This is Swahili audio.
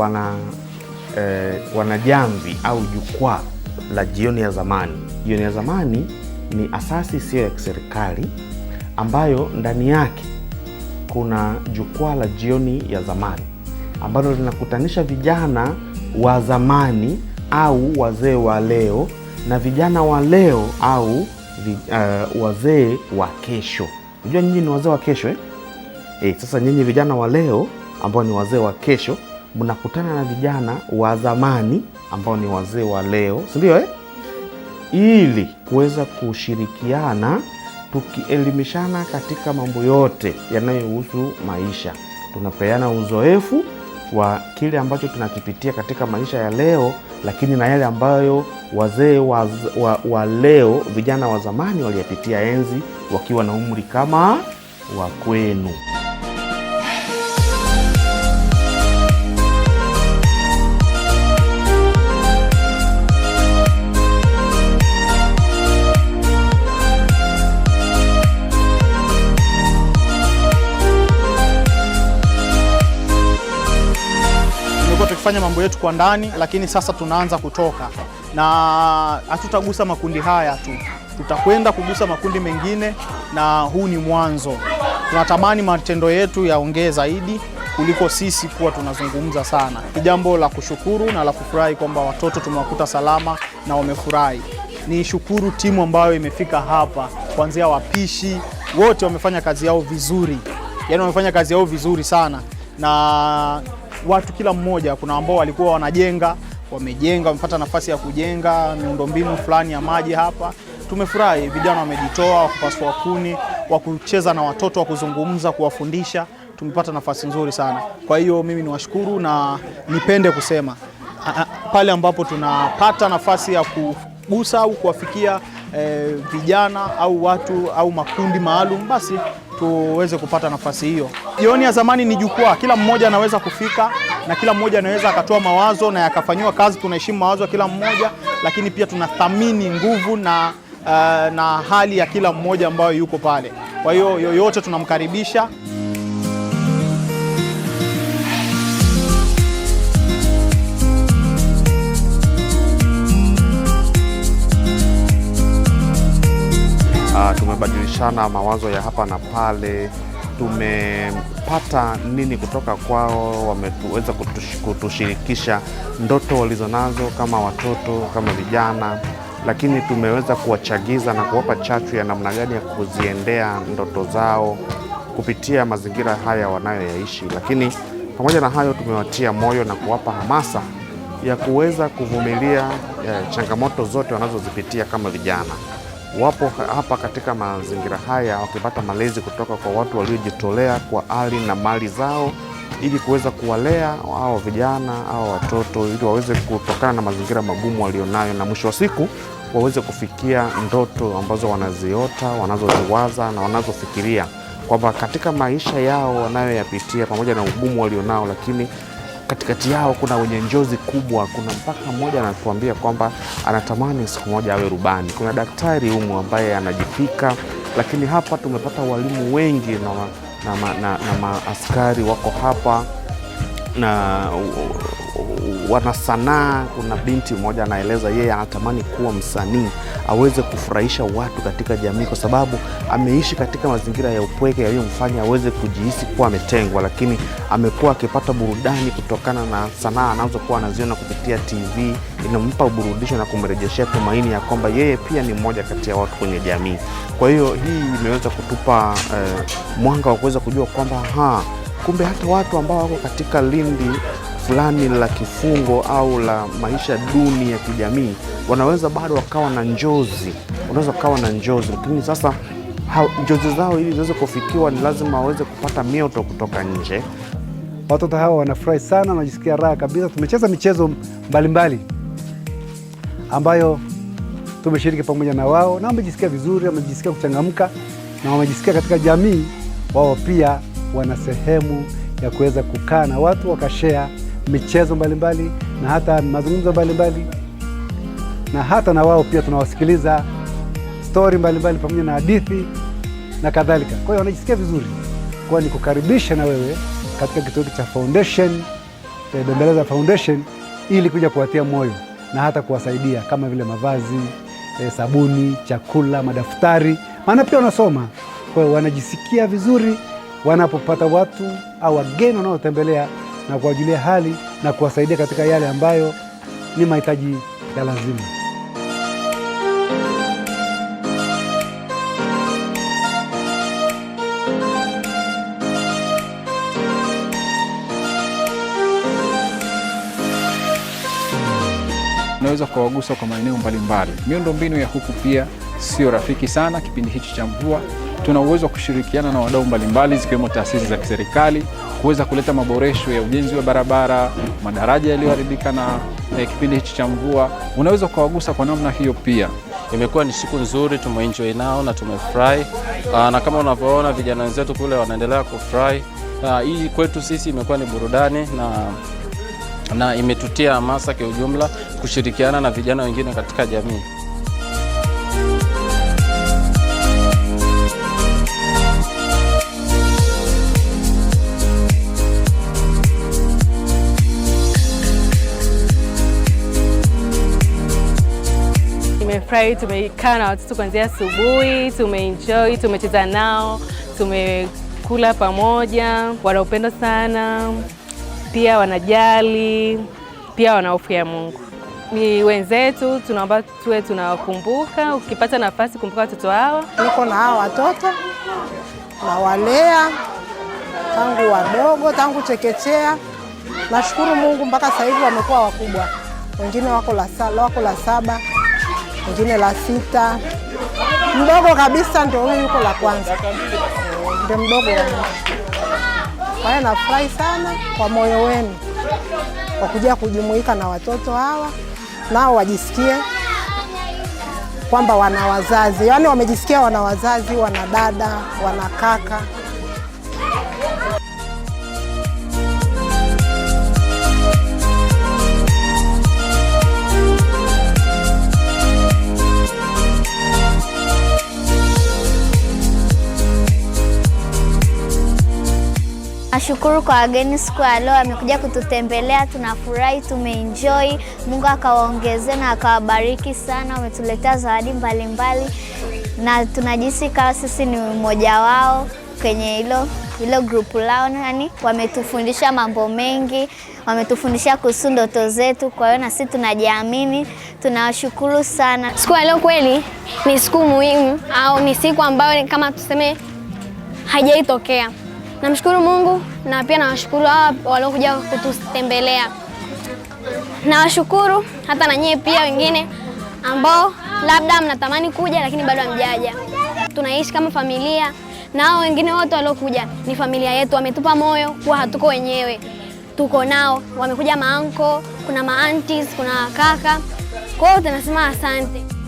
wana, eh, wana jamvi au jukwaa la jioni ya zamani. Jioni ya zamani ni asasi isiyo ya kiserikali ambayo ndani yake kuna jukwaa la jioni ya zamani ambalo linakutanisha vijana wa zamani au wazee wa leo na vijana wa leo au uh, wazee wa kesho. Unajua nyinyi ni wazee wa kesho eh? Eh, sasa nyinyi vijana wa leo ambao ni wazee wa kesho mnakutana na vijana wa zamani ambao ni wazee wa leo, si ndio eh? Ili kuweza kushirikiana tukielimishana katika mambo yote yanayohusu maisha, tunapeana uzoefu wa kile ambacho tunakipitia katika maisha ya leo, lakini na yale ambayo wazee wa, wa, wa leo vijana wa zamani waliyapitia enzi wakiwa na umri kama wa kwenu. kufanya mambo yetu kwa ndani, lakini sasa tunaanza kutoka, na hatutagusa makundi haya tu, tutakwenda kugusa makundi mengine, na huu ni mwanzo. Tunatamani matendo yetu yaongee zaidi kuliko sisi kuwa tunazungumza sana. Ni jambo la kushukuru na la kufurahi kwamba watoto tumewakuta salama na wamefurahi. Ni shukuru timu ambayo imefika hapa, kuanzia wapishi wote wamefanya kazi yao vizuri, yaani wamefanya kazi yao vizuri sana na watu kila mmoja, kuna ambao walikuwa wanajenga, wamejenga, wamepata nafasi ya kujenga miundombinu fulani ya maji hapa. Tumefurahi, vijana wamejitoa, wakupasua kuni, wa kucheza na watoto, wa kuzungumza, kuwafundisha. Tumepata nafasi nzuri sana. Kwa hiyo mimi niwashukuru na nipende kusema pale ambapo tunapata nafasi ya kugusa au kuwafikia eh, vijana au watu au makundi maalum basi tuweze kupata nafasi hiyo. Jioni ya zamani ni jukwaa, kila mmoja anaweza kufika na kila mmoja anaweza akatoa mawazo na yakafanyiwa kazi. Tunaheshimu mawazo ya kila mmoja, lakini pia tunathamini nguvu na, uh, na hali ya kila mmoja ambayo yuko pale. Kwa hiyo yoyote tunamkaribisha. kubadilishana mawazo ya hapa na pale. Tumepata nini kutoka kwao, wameweza kutushirikisha ndoto walizonazo kama watoto, kama vijana, lakini tumeweza kuwachagiza na kuwapa chachu ya namna gani ya kuziendea ndoto zao kupitia mazingira haya wanayoyaishi. Lakini pamoja na hayo, tumewatia moyo na kuwapa hamasa ya kuweza kuvumilia eh, changamoto zote wanazozipitia kama vijana wapo hapa katika mazingira haya wakipata malezi kutoka kwa watu waliojitolea kwa hali na mali zao ili kuweza kuwalea au vijana au watoto ili waweze kutokana na mazingira magumu walionayo, na mwisho wa siku waweze kufikia ndoto ambazo wanaziota, wanazoziwaza na wanazofikiria kwamba katika maisha yao wanayoyapitia pamoja na ugumu walionao, lakini katikati yao kuna wenye njozi kubwa. Kuna mpaka mmoja anatuambia kwamba anatamani siku moja awe rubani. Kuna daktari humu ambaye anajipika, lakini hapa tumepata walimu wengi na, na, na, na, na maaskari wako hapa na wanasanaa. Kuna binti mmoja anaeleza yeye anatamani kuwa msanii aweze kufurahisha watu katika jamii, kwa sababu ameishi katika mazingira ya upweke yaliyomfanya aweze kujihisi kuwa ametengwa, lakini amekuwa akipata burudani kutokana na sanaa anazokuwa anaziona kupitia TV. Inampa burudisho na kumrejeshea tumaini ya kwamba yeye pia ni mmoja kati ya watu kwenye jamii. Kwa hiyo hii imeweza kutupa eh, mwanga wa kuweza kujua kwamba ha kumbe hata watu ambao wako katika Lindi fulani la kifungo au la maisha duni ya kijamii, wanaweza bado wakawa na njozi, wanaweza wakawa na njozi, lakini sasa ha, njozi zao ili ziweze kufikiwa ni lazima waweze kupata mioto kutoka nje. Watoto hawa wanafurahi sana, wanajisikia raha kabisa. Tumecheza michezo mbalimbali ambayo tumeshiriki pamoja na wao, na wamejisikia vizuri, wamejisikia kuchangamka na wamejisikia katika jamii, wao pia wana sehemu ya kuweza kukaa na watu wakashea michezo mbalimbali mbali, na hata mazungumzo mbalimbali na hata na wao pia tunawasikiliza stori mbalimbali pamoja na hadithi na kadhalika. Kwa hiyo wanajisikia vizuri, kwa ni kukaribisha na wewe katika kituo hiki cha Foundation eh, Bembeleza Foundation ili kuja kuwatia moyo na hata kuwasaidia kama vile mavazi, e, sabuni, chakula, madaftari, maana pia wanasoma. Kwa hiyo wanajisikia vizuri wanapopata watu au wageni wanaotembelea na kuwajulia hali na kuwasaidia katika yale ambayo ni mahitaji ya lazima. Naweza kuwagusa kwa maeneo mbalimbali. miundo mbinu ya huku pia sio rafiki sana kipindi hichi cha mvua. Tuna uwezo wa kushirikiana na wadau mbalimbali zikiwemo taasisi za kiserikali kuweza kuleta maboresho ya ujenzi wa barabara, madaraja yaliyoharibika na eh, kipindi hichi cha mvua, unaweza ukawagusa kwa namna hiyo pia. Imekuwa ni siku nzuri, tumeenjoy nao na tumefurahi, ah, na kama unavyoona vijana wenzetu kule wanaendelea kufurahi. Ah, hii kwetu sisi imekuwa ni burudani na na imetutia hamasa kiujumla kushirikiana na vijana wengine katika jamii. tumefurahi, tumekaa na watoto kuanzia asubuhi, tumeenjoy, tumecheza nao, tumekula pamoja. Wana upendo sana, pia wanajali, pia wana Mungu. Ni wenzetu, tunaomba tuwe tunawakumbuka. Ukipata nafasi, kumbuka watoto hawa. Niko na hawa watoto nawalea tangu wadogo, tangu chekechea. Nashukuru Mungu mpaka sasa hivi wamekuwa wakubwa, wengine wako la wako la saba wengine la sita. Mdogo kabisa ndio huyu yuko la kwanza, ndio mdogo Kwa hiyo nafurahi sana kwa moyo wenu kwa kuja kujumuika na watoto hawa, nao wajisikie kwamba wana wazazi, yaani wamejisikia wana wazazi, wana dada, wana kaka. Tunashukuru kwa wageni siku ya leo, amekuja kututembelea, tunafurahi, tumeenjoy. Mungu akawaongezee na akawabariki sana. Wametuletea zawadi mbalimbali na tunajisi kama sisi ni mmoja wao kwenye hilo hilo grupu lao, yani wametufundisha mambo mengi, wametufundisha kuhusu ndoto zetu. Kwa hiyo na sisi tunajiamini, tunawashukuru sana. Siku ya leo kweli ni siku muhimu, au ni siku ambayo kama tuseme haijaitokea. Namshukuru Mungu na pia nawashukuru hawa ah, waliokuja kututembelea. Nawashukuru hata na nyie pia wengine ambao labda mnatamani kuja lakini bado hamjaja. Tunaishi kama familia na hao wengine wote waliokuja ni familia yetu, wametupa moyo kuwa hatuko wenyewe, tuko nao. Wamekuja maanko, kuna maantis, kuna kaka. Kwa hiyo tunasema asante.